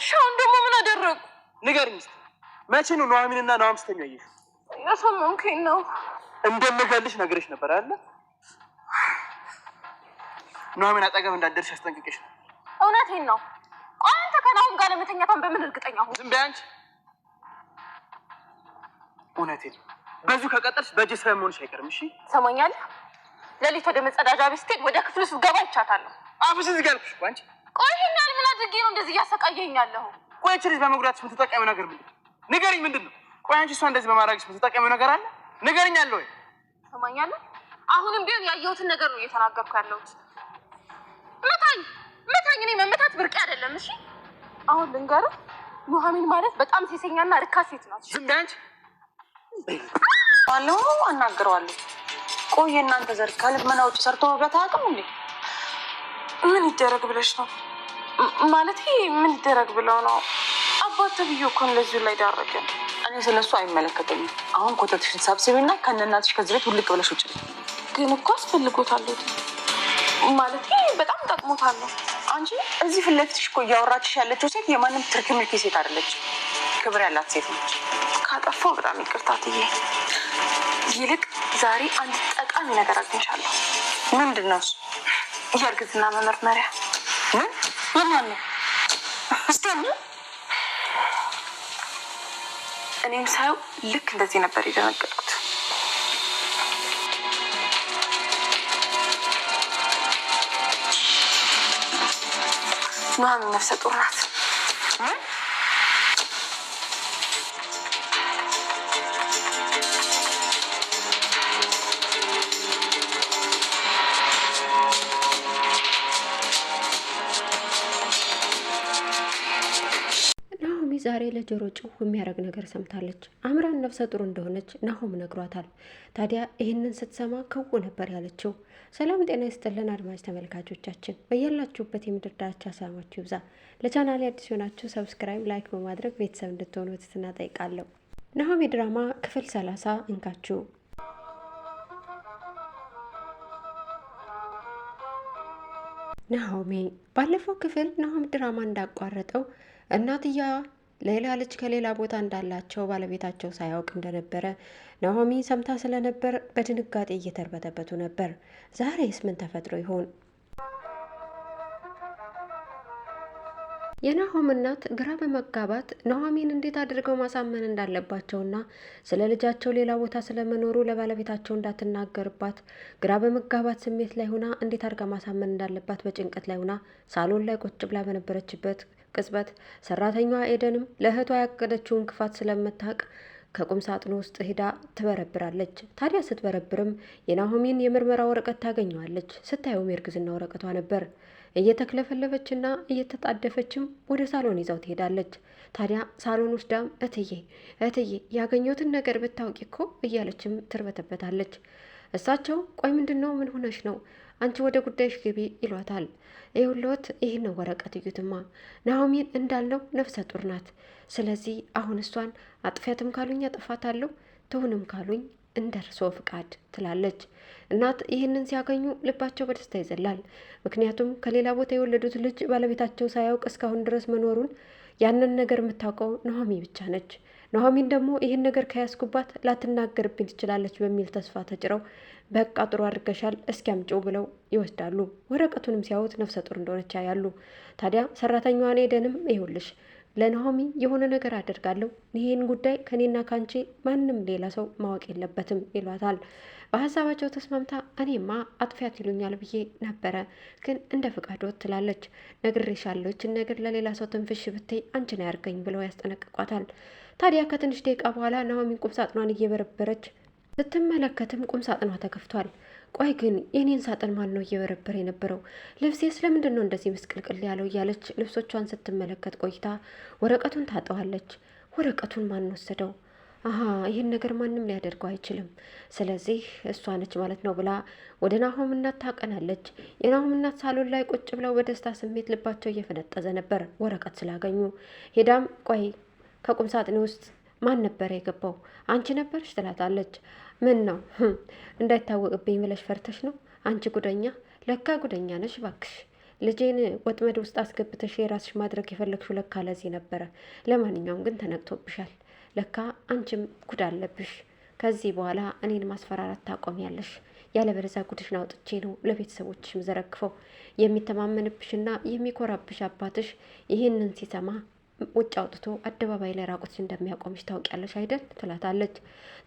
እሺ፣ አሁን ደግሞ ምን አደረጉ? ንገሪኝ። መቼ ነው ኑሐሚንና ናሆም ስተኛ ያየሽ? የሰማሁኝ ነው። እንደምገልሽ ነግሬሽ ነበር አለ። ኑሐሚን አጠገብ እንዳደርሽ አስጠንቅቄሽ ነው። እውነቴን ነው። ቆይ አንተ ከናሆም ጋር ለመተኛታን በምን እርግጠኛ ሁን? ዝም በይ አንቺ። እውነቴን ነው። በዚሁ ከቀጠልሽ በእጅ ስራ መሆንሽ አይቀርም። እሺ ትሰማኛለህ? ሌሊት ወደ መጸዳጃ ቤት ስትሄድ ወደ ክፍሉ ስትገባ ይቻታለሁ። አፍሽን ዝጊ አልኩሽ አንቺ። ቆይ ይሄን አድርጌ ነው እንደዚህ እያሰቃየኝ ያለሁ? ቆይ አንቺ ልጅ በመጉዳትሽ የምትጠቀሚው ነገር ምንድን ነው? ንገሪኝ፣ ምንድን ነው? ቆይ አንቺ እሷ እንደዚህ በማድረግሽ የምትጠቀሚው ነገር አለ? ንገሪኝ፣ አለ ወይ? ትሰማኛለህ? አሁንም ቢሆን ያየሁትን ነገር ነው እየተናገርኩ ያለሁት። መታኝ ምታኝ። እኔ መመታት ብርቅ አይደለም። እሺ፣ አሁን ልንገርህ፣ ኑሐሚን ማለት በጣም ሴሰኛና ርካስ ሴት ናት። ዝም በይ አንቺ። አለው አናግረዋለሁ። ቆይ እናንተ ዘር ከልመና ውጭ ሰርቶ መብላት አያውቅም እንዴ? ምን ይደረግ ብለሽ ነው ማለት ምን ይደረግ ብለው ነው አባት ተብዬ እኮ ለዚሁ ላይ ዳረገን። እኔ ስለሱ አይመለከተኝም። አሁን ኮተትሽን ሰብስቢና ከነናትሽ ከዚህ ቤት ውልቅ ብለሽ ውጭ። ግን እኮ አስፈልጎታል ማለት በጣም ጠቅሞታል። አንቺ እዚህ ፊት ለፊትሽ እኮ እያወራችሽ ያለችው ሴት የማንም ትርክምርክ ሴት አይደለች፣ ክብር ያላት ሴት ነች። ካጠፋው በጣም ይቅርታ ትዬ፣ ይልቅ ዛሬ አንድ ጠቃሚ ነገር አግኝቻለሁ። ምንድን ነው እሱ? የእርግዝና መመርመሪያ ምን የማን ነው? እኔም ሳየው ልክ እንደዚህ ነበር የደነገጥኩት። ኑሐሚን ነፍሰ ጡር ናት። ዛሬ ለጆሮ ጭው የሚያደርግ ነገር ሰምታለች። አምራን ነፍሰ ጡር እንደሆነች ናሆም ነግሯታል። ታዲያ ይህንን ስትሰማ ክው ነበር ያለችው። ሰላም ጤና ይስጥልን አድማጭ ተመልካቾቻችን በያላችሁበት የምድር ዳርቻ ሰላማችሁ ይብዛ። ለቻናሌ አዲስ የሆናችሁ ሰብስክራይብ፣ ላይክ በማድረግ ቤተሰብ እንድትሆኑ በትህትና ጠይቃለሁ። ናሆም የድራማ ክፍል ሰላሳ እንካችሁ ናሆሜ ባለፈው ክፍል ናሆም ድራማ እንዳቋረጠው እናትያ ሌላ ልጅ ከሌላ ቦታ እንዳላቸው ባለቤታቸው ሳያውቅ እንደነበረ ናሆሚ ሰምታ ስለነበር በድንጋጤ እየተርበተበቱ ነበር። ዛሬስ ምን ተፈጥሮ ይሆን? የናሆም እናት ግራ በመጋባት ናሆሚን እንዴት አድርገው ማሳመን እንዳለባቸውና ስለ ልጃቸው ሌላ ቦታ ስለመኖሩ ለባለቤታቸው እንዳትናገርባት ግራ በመጋባት ስሜት ላይ ሆና እንዴት አድርጋ ማሳመን እንዳለባት በጭንቀት ላይ ሆና ሳሎን ላይ ቁጭ ብላ በነበረችበት ቅጽበት ሰራተኛዋ ኤደንም ለእህቷ ያቀደችውን ክፋት ስለምታውቅ ከቁም ሳጥኑ ውስጥ ሂዳ ትበረብራለች። ታዲያ ስትበረብርም የናሆሚን የምርመራ ወረቀት ታገኘዋለች። ስታየውም የእርግዝና ወረቀቷ ነበር። እየተክለፈለፈችና እየተጣደፈችም ወደ ሳሎን ይዛው ትሄዳለች። ታዲያ ሳሎን ውስዳም እትዬ እትዬ ያገኘሁትን ነገር ብታውቂ እኮ እያለችም ትርበተበታለች። እሳቸው ቆይ ምንድን ነው? ምን ሆነሽ ነው? አንቺ ወደ ጉዳይሽ ግቢ ይሏታል። ይሁሎት ይህን ወረቀት እዩትማ። ናሆሚ እንዳልነው ነፍሰ ጡር ናት። ስለዚህ አሁን እሷን አጥፊያትም ካሉኝ አጠፋታለሁ፣ ትሁንም ካሉኝ እንደ እርስዎ ፍቃድ ትላለች እናት። ይህንን ሲያገኙ ልባቸው በደስታ ይዘላል። ምክንያቱም ከሌላ ቦታ የወለዱት ልጅ ባለቤታቸው ሳያውቅ እስካሁን ድረስ መኖሩን ያንን ነገር የምታውቀው ናሆሚ ብቻ ነች። ኑሐሚን ደግሞ ይህን ነገር ከያዝኩባት ላትናገርብኝ ትችላለች በሚል ተስፋ ተጭረው በቃ ጥሩ አድርገሻል እስኪ አምጪው ብለው ይወስዳሉ። ወረቀቱንም ሲያዩት ነፍሰ ጡር እንደሆነች ያያሉ። ታዲያ ሰራተኛዋን ሄደንም ይሁልሽ ለናሆሚ የሆነ ነገር አደርጋለሁ፣ ይህን ጉዳይ ከኔና ካንቺ ማንም ሌላ ሰው ማወቅ የለበትም ይሏታል። በሀሳባቸው ተስማምታ እኔማ አጥፊያት ይሉኛል ብዬ ነበረ፣ ግን እንደ ፍቃዶት ትላለች። ነግሬሻለሁ፣ ነገር ለሌላ ሰው ትንፍሽ ብትይ አንቺን አያርገኝ ብለው ያስጠነቅቋታል። ታዲያ ከትንሽ ደቂቃ በኋላ ናሆሚን ቁምሳጥኗን እየበረበረች ስትመለከትም ቁምሳጥኗ ተከፍቷል። ቆይ ግን የኔን ሳጥን ማን ነው እየበረበር የነበረው? ልብሴ ስለምንድን ነው እንደዚህ ምስቅልቅል ያለው? እያለች ልብሶቿን ስትመለከት ቆይታ ወረቀቱን ታጠዋለች። ወረቀቱን ማን ወሰደው? አሀ ይህን ነገር ማንም ሊያደርገው አይችልም፣ ስለዚህ እሷ ነች ማለት ነው ብላ ወደ ናሆም እናት ታቀናለች። የናሆም እናት ሳሎን ላይ ቁጭ ብለው በደስታ ስሜት ልባቸው እየፈነጠዘ ነበር ወረቀት ስላገኙ። ሄዳም ቆይ ከቁም ሳጥኔ ውስጥ ማን ነበረ የገባው? አንቺ ነበርሽ ትላታለች። ምን ነው hm፣ እንዳይታወቅብኝ ብለሽ ፈርተሽ ነው? አንቺ ጉደኛ፣ ለካ ጉደኛ ነሽ። እባክሽ ልጄን ወጥመድ ውስጥ አስገብተሽ የራስሽ ማድረግ የፈለግሽው ለካ ለዚህ ነበረ። ለማንኛውም ግን ተነቅቶብሻል። ለካ አንቺም ጉድ አለብሽ። ከዚህ በኋላ እኔን ማስፈራራት ታቆሚያለሽ። ያለበለዚያ ጉድሽን አውጥቼ ነው ለቤተሰቦችሽም ዘረግፈው። የሚተማመንብሽና የሚኮራብሽ አባትሽ ይህንን ሲሰማ ውጭ አውጥቶ አደባባይ ላይ ራቁት እንደሚያቆምሽ ታውቂያለሽ አይደል? ትላታለች።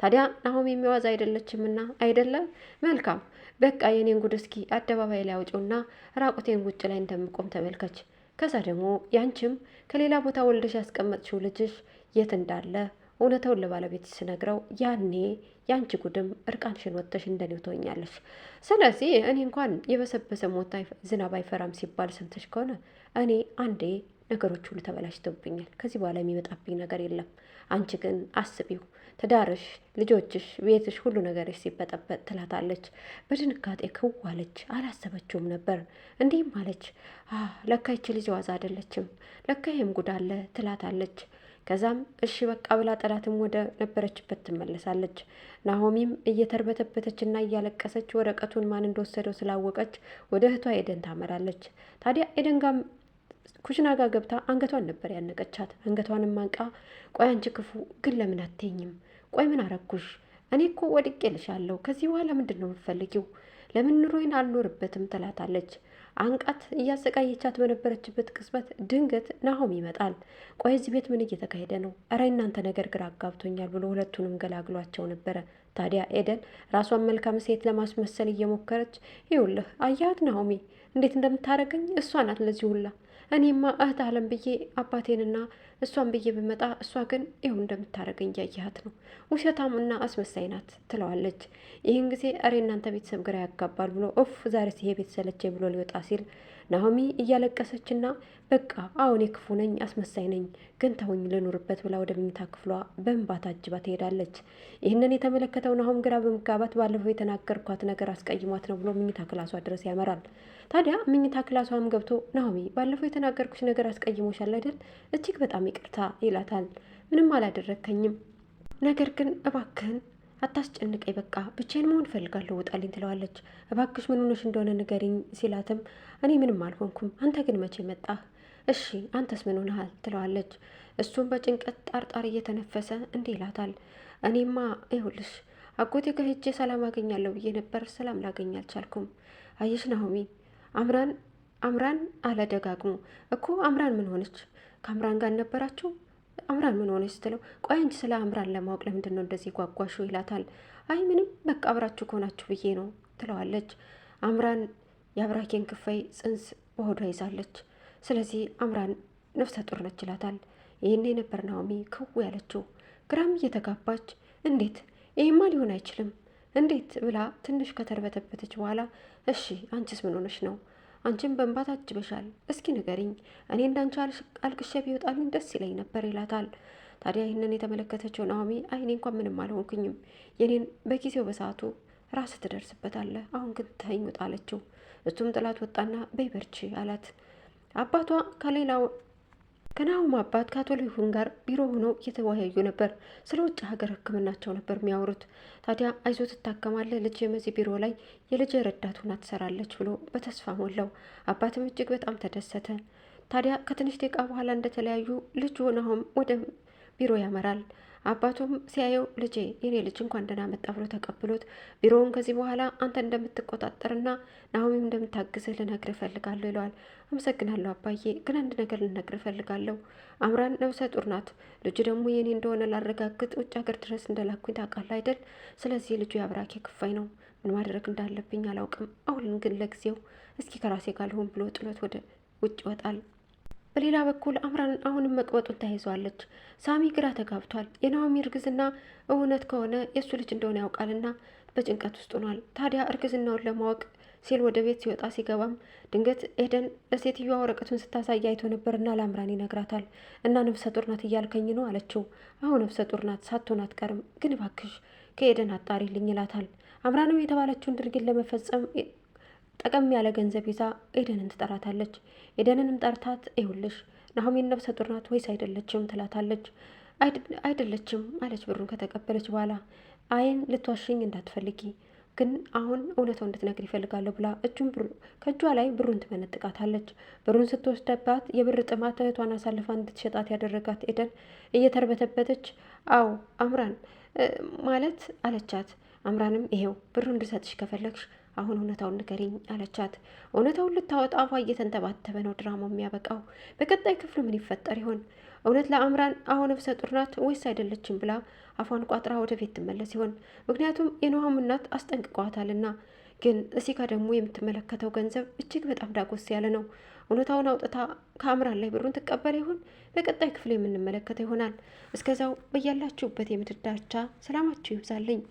ታዲያ ናሆም የሚዋዝ አይደለችምና አይደለም። መልካም በቃ የኔን ጉድ እስኪ አደባባይ ላይ አውጪውና ራቁቴን ውጭ ላይ እንደምቆም ተመልከች። ከዛ ደግሞ ያንቺም ከሌላ ቦታ ወልደሽ ያስቀመጥሽው ልጅሽ የት እንዳለ እውነተውን ለባለቤት ስነግረው ያኔ ያንቺ ጉድም እርቃንሽን ወጥተሽ እንደኔው ትሆኛለሽ። ስለዚህ እኔ እንኳን የበሰበሰ ሞታ ዝናብ አይፈራም ሲባል ሰምተሽ ከሆነ እኔ አንዴ ነገሮች ሁሉ ተበላሽተውብኛል። ከዚህ በኋላ የሚመጣብኝ ነገር የለም። አንቺ ግን አስቢው፣ ትዳርሽ፣ ልጆችሽ፣ ቤትሽ፣ ሁሉ ነገርሽ ሲበጠበጥ ትላታለች። በድንጋጤ ክዋለች። አላሰበችውም ነበር። እንዲህም አለች፣ ለካ ይቺ ልጅ ዋዛ አይደለችም፣ ለካ ይህም ጉዳለ ትላታለች። ከዛም እሺ በቃ ብላ ጠላትም ወደ ነበረችበት ትመለሳለች። ናሆሚም እየተርበተበተችና እያለቀሰች ወረቀቱን ማን እንደወሰደው ስላወቀች ወደ እህቷ ኤደን ታመራለች። ታዲያ ኤደን ጋም ኩሽና ጋር ገብታ አንገቷን ነበር ያነቀቻት። አንገቷንም አንቃ ቆይ አንቺ ክፉ ግን ለምን አትኝም? ቆይ ምን አረኩሽ? እኔ እኮ ወድቄልሻለሁ። ከዚህ በኋላ ምንድን ነው የምትፈልጊው? ለምን ኑሮዬን አልኖርበትም? ትላታለች። አንቃት እያሰቃየቻት በነበረችበት ቅጽበት ድንገት ናሆም ይመጣል። ቆይ እዚህ ቤት ምን እየተካሄደ ነው? እረ እናንተ ነገር ግራ አጋብቶኛል ብሎ ሁለቱንም ገላግሏቸው ነበረ። ታዲያ ኤደን ራሷን መልካም ሴት ለማስመሰል እየሞከረች ይውልህ፣ አያት ናሆሚ እንዴት እንደምታደርገኝ እሷ ናት ለዚህ ሁላ እኔማ እህት አለም ብዬ አባቴንና እሷን ብዬ ብመጣ እሷ ግን ይሁን እንደምታደርገኝ እያየሃት ነው፣ ውሸታሙና አስመሳይ ናት ትለዋለች። ይህን ጊዜ እሬ እናንተ ቤተሰብ ግራ ያጋባል ብሎ እፍ ዛሬ ሲሄ ቤተሰለቼ ብሎ ሊወጣ ሲል ናሆሚ እያለቀሰችና በቃ አሁን የክፉ ነኝ አስመሳይ ነኝ ግን ተውኝ ልኑርበት ብላ ወደ መኝታ ክፍሏ በእንባ ታጅባ ትሄዳለች። ይህንን የተመለከተው ናሆም ግራ በመጋባት ባለፈው የተናገርኳት ነገር አስቀይሟት ነው ብሎ ምኝታ ክላሷ ድረስ ያመራል። ታዲያ ምኝታ ክላሷም ገብቶ ናሆሚ ባለፈው የተናገርኩሽ ነገር አስቀይሞሻል አይደል? እጅግ በጣም ይቅርታ ይላታል። ምንም አላደረግከኝም፣ ነገር ግን እባክህን አታስጨንቀኝ፣ በቃ ብቻዬን መሆን እፈልጋለሁ፣ ውጣልኝ ትለዋለች። እባክሽ ምን ሆነሽ እንደሆነ ንገሪኝ ሲላትም እኔ ምንም አልሆንኩም፣ አንተ ግን መቼ መጣህ? እሺ አንተስ ምን ሆነሃል? ትለዋለች። እሱም በጭንቀት ጣርጣር እየተነፈሰ እንዲህ ይላታል። እኔማ ይኸውልሽ አጎቴ ጋር ሄጄ ሰላም አገኛለሁ ብዬ ነበር፣ ሰላም ላገኝ አልቻልኩም። አየሽ ናሆሚ አምራን አምራን አለ ደጋግሞ እኮ አምራን ምን ሆነች? ከአምራን ጋር ነበራችሁ አምራን ምን ሆነች ስትለው፣ ቆይ አንቺ ስለ አምራን ለማወቅ ለምንድን ነው እንደዚህ ጓጓሹ? ይላታል። አይ ምንም በቃ አብራችሁ ከሆናችሁ ብዬ ነው ትለዋለች። አምራን የአብራኬን ክፋይ ጽንስ በሆዷ ይዛለች። ስለዚህ አምራን ነፍሰ ጡር ነች ይላታል። ይህን የነበር ናኦሚ ክው ያለችው ግራም እየተጋባች እንዴት ይህማ ሊሆን አይችልም እንዴት ብላ ትንሽ ከተርበተበተች በኋላ እሺ አንቺስ ምን ሆነሽ ነው አንቺን በእንባ ታጅበሻል። እስኪ ንገሪኝ፣ እኔ እንዳንቺ አልቅሼ ቢወጣልኝ ደስ ይለኝ ነበር ይላታል። ታዲያ ይህንን የተመለከተችው ናኦሚ አይኔ እንኳን ምንም አልሆንኩኝም፣ የኔን በጊዜው በሰዓቱ ራስ ትደርስበታለህ፣ አሁን ግን ተኝ ውጣ አለችው። እሱም ጥላት ወጣና በይ በርቺ አላት። አባቷ ከሌላው ከናሁም አባት ከአቶ ጋር ቢሮ ሆነው እየተወያዩ ነበር። ስለ ውጭ ሀገር ሕክምናቸው ነበር የሚያወሩት። ታዲያ አይዞ ትታከማለህ፣ ልጅ የመዚህ ቢሮ ላይ የልጅ ረዳት ሆና ትሰራለች ብሎ በተስፋ ሞላው። አባትም እጅግ በጣም ተደሰተ። ታዲያ ከትንሽ ደቂቃ በኋላ እንደተለያዩ ልጁ ናሁም ወደ ቢሮ ያመራል። አባቱም ሲያየው ልጄ የኔ ልጅ እንኳን ደህና መጣ ብሎ ተቀብሎት ቢሮውን ከዚህ በኋላ አንተ እንደምትቆጣጠርና ናሆሚም እንደምታግዝህ ልነግር እፈልጋለሁ ይለዋል። አመሰግናለሁ አባዬ፣ ግን አንድ ነገር ልነግር እፈልጋለሁ። አምራን ነብሰ ጡር ናት። ልጁ ደግሞ የኔ እንደሆነ ላረጋግጥ ውጭ ሀገር ድረስ እንደላኩኝ ታውቃለህ አይደል? ስለዚህ ልጁ የአብራኬ ክፋይ ነው። ምን ማድረግ እንዳለብኝ አላውቅም። አሁን ግን ለጊዜው እስኪ ከራሴ ጋር ልሆን ብሎ ጥሎት ወደ ውጭ ይወጣል። በሌላ በኩል አምራን አሁንም መቅበጡን ተያይዘዋለች። ሳሚ ግራ ተጋብቷል። የናኦሚ እርግዝና እውነት ከሆነ የእሱ ልጅ እንደሆነ ያውቃልና በጭንቀት ውስጥ ሆኗል። ታዲያ እርግዝናውን ለማወቅ ሲል ወደ ቤት ሲወጣ ሲገባም ድንገት ኤደን ለሴትዮዋ ወረቀቱን ስታሳይ አይቶ ነበርና ለአምራን ይነግራታል። እና ነፍሰ ጡር ናት እያልከኝ ነው አለችው። አሁ ነፍሰ ጡር ናት ሳትሆን አትቀርም፣ ግን እባክሽ ከኤደን አጣሪልኝ ይላታል። አምራንም የተባለችውን ድርጊት ለመፈጸም ጠቀም ያለ ገንዘብ ይዛ ኤደንን ትጠራታለች። ኤደንንም ጠርታት ይሁልሽ ናሆሜን ነፍሰ ጡር ናት ወይስ አይደለችም ትላታለች። አይደለችም አለች ብሩን ከተቀበለች በኋላ አይን ልትዋሽኝ እንዳትፈልጊ ግን አሁን እውነታውን እንድትነግር ይፈልጋለሁ ብላ እጁን ብሩ ከእጇ ላይ ብሩን ትመነጥቃታለች። ብሩን ስትወስደባት የብር ጥማት እህቷን አሳልፋ እንድትሸጣት ያደረጋት ኤደን እየተርበተበተች አዎ አምራን ማለት አለቻት። አምራንም ይሄው ብሩ እንድሰጥሽ ከፈለግሽ አሁን እውነታውን ንገሪኝ አለቻት። እውነታውን ልታወጣ አፏ እየተንተባተበ ነው ድራማው የሚያበቃው። በቀጣይ ክፍሉ ምን ይፈጠር ይሆን? እውነት ለአምራን አሁን ነፍሰ ጡር ናት ወይስ አይደለችም ብላ አፏን ቋጥራ ወደ ቤት ትመለስ ይሆን? ምክንያቱም የኑሃም እናት አስጠንቅቀዋታልና። ግን እዚህ ጋር ደግሞ የምትመለከተው ገንዘብ እጅግ በጣም ዳጎስ ያለ ነው። እውነታውን አውጥታ ከአምራን ላይ ብሩን ትቀበል ይሆን? በቀጣይ ክፍል የምንመለከተው ይሆናል። እስከዛው በያላችሁበት የምድር ዳርቻ ሰላማችሁ ይብዛልኝ።